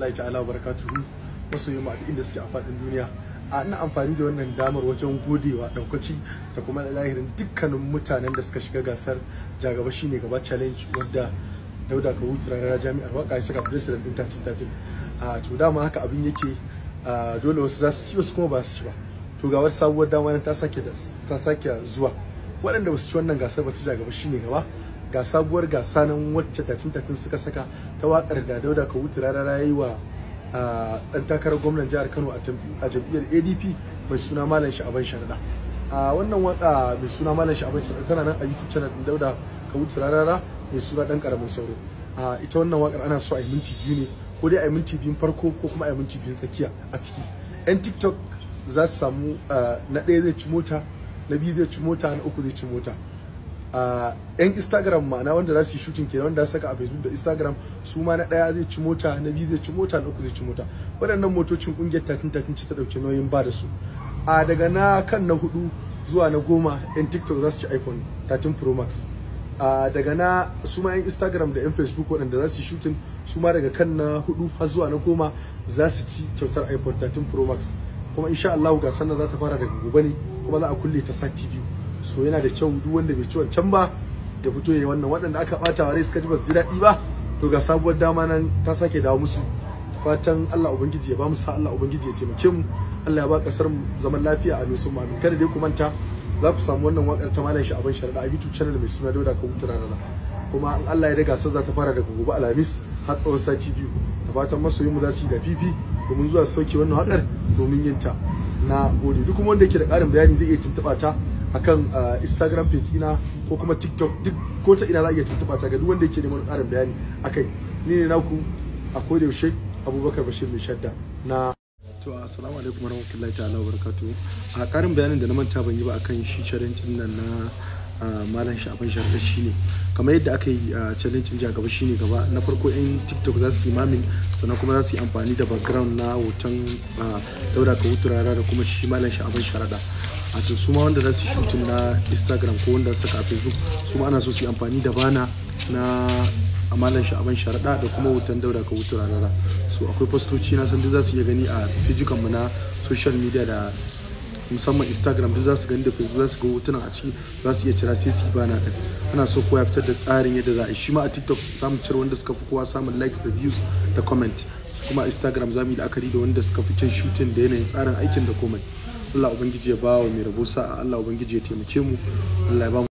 rahmatullahi ta'ala barakatuhu masoyin mu a inda suke a faɗin duniya a ina amfani da wannan damar wajen godewa ɗaukaci da kuma lahirin dukkanin mutanen da suka shiga gasar jagaba shine gaba challenge wadda dauda ka hutu jami'ar waka suka president din tacin a to dama haka abin yake dole wasu za su ci wasu kuma ba su ci ba to ga wata sabuwar dama ta sake zuwa waɗanda ba su ci wannan gasar ba ta jagaba shine gaba ga sabuwar gasa nan wacce tatin tatin suka saka ta wakar da dauda ka wuce ya yi wa dan takarar gwamnan jihar kano a jam'iyyar adp mai suna malam sha'aban sharada a wannan waka mai suna malam sha'aban sharada tana nan a youtube channel din dauda ka wuce rarara mai suna dan karamin sauro a ita wannan wakar ana so a yi minti biyu ne ko dai a yi minti biyun farko ko kuma a yi minti biyun tsakiya a ciki yan tiktok za su samu na ɗaya zai ci mota na biyu zai ci mota na uku zai ci mota a yan instagram ma'ana wanda za su yi shooting kenan wanda saka a facebook da instagram su ma na daya zai ci mota na biyu zai ci mota na uku zai ci mota waɗannan motocin kungiyar 1313 ce ta dauke nauyin ba da su a daga na kan na hudu zuwa na goma yan tiktok za su ci iphone 13 pro max a daga na su ma yan instagram da yan facebook waɗanda za su yi shooting su ma daga kan na hudu har zuwa na goma za su ci kyautar iphone 13 pro max kuma insha allahu gasar nan za ta fara daga gobe ne kuma za a kulle ta sati biyu so yana da kyau duk wanda bai ci wancan ba da fito yayi wannan waɗanda aka ɓata wa suka ji ba su ji daɗi ba to ga sabuwar dama nan ta sake dawo musu fatan Allah ubangiji ya ba mu sa Allah ubangiji ya taimake mu Allah ya ba kasar mu zaman lafiya a nusun ma kada dai ku manta za ku samu wannan wakar ta malam Sha'aban Sharada a YouTube channel mai suna Dauda Kawutu Rarara kuma in Allah ya daga sai za ta fara daga gobe Alhamis har tsawon sati biyu da fatan masoyin mu za su yi da fifi domin zuwa sauke wannan wakar domin yin ta na gode duk wanda yake da karin bayani zai iya tuntuɓa ta akan uh, instagram page ina ko kuma tiktok duk ko ta ina za a iya tuntuɓa ta ga duk wanda yake neman ƙarin bayani akai ni ne naku a koda yaushe abubakar bashir mai shadda na to assalamu alaikum warahmatullahi ta'ala wa barakatuh a ƙarin bayanin da na manta ban yi ba akan shi challenge din nan na malam shafin shi ne kamar yadda aka yi challenge ja gaba ne gaba na farko yan tiktok za su yi mamin sannan kuma za su yi amfani da background na hoton daura ka wuturara da kuma shi malam shafin sharda a ce su ma wanda za su yi shooting na instagram ko wanda suka a facebook su ma ana so su yi amfani da bana na amalan sha'aban sharaɗa da kuma hoton daura ka wuce so akwai fastoci na san za su iya gani a fijikanmu na social media da musamman instagram duk za su gani da facebook za su ga hotunan a ciki za su iya cira sai su bana din ana so kowa ya fitar da tsarin yadda za a yi shi ma a tiktok za mu cire wanda suka fi kowa samun likes da views da comment kuma instagram za mu yi la'akari da wanda suka fi kyan shooting da yanayin tsarin aikin da komai Allah Ubangiji ya ba wa mai rabo sa'a Allah Ubangiji ya taimake mu Allah ya ba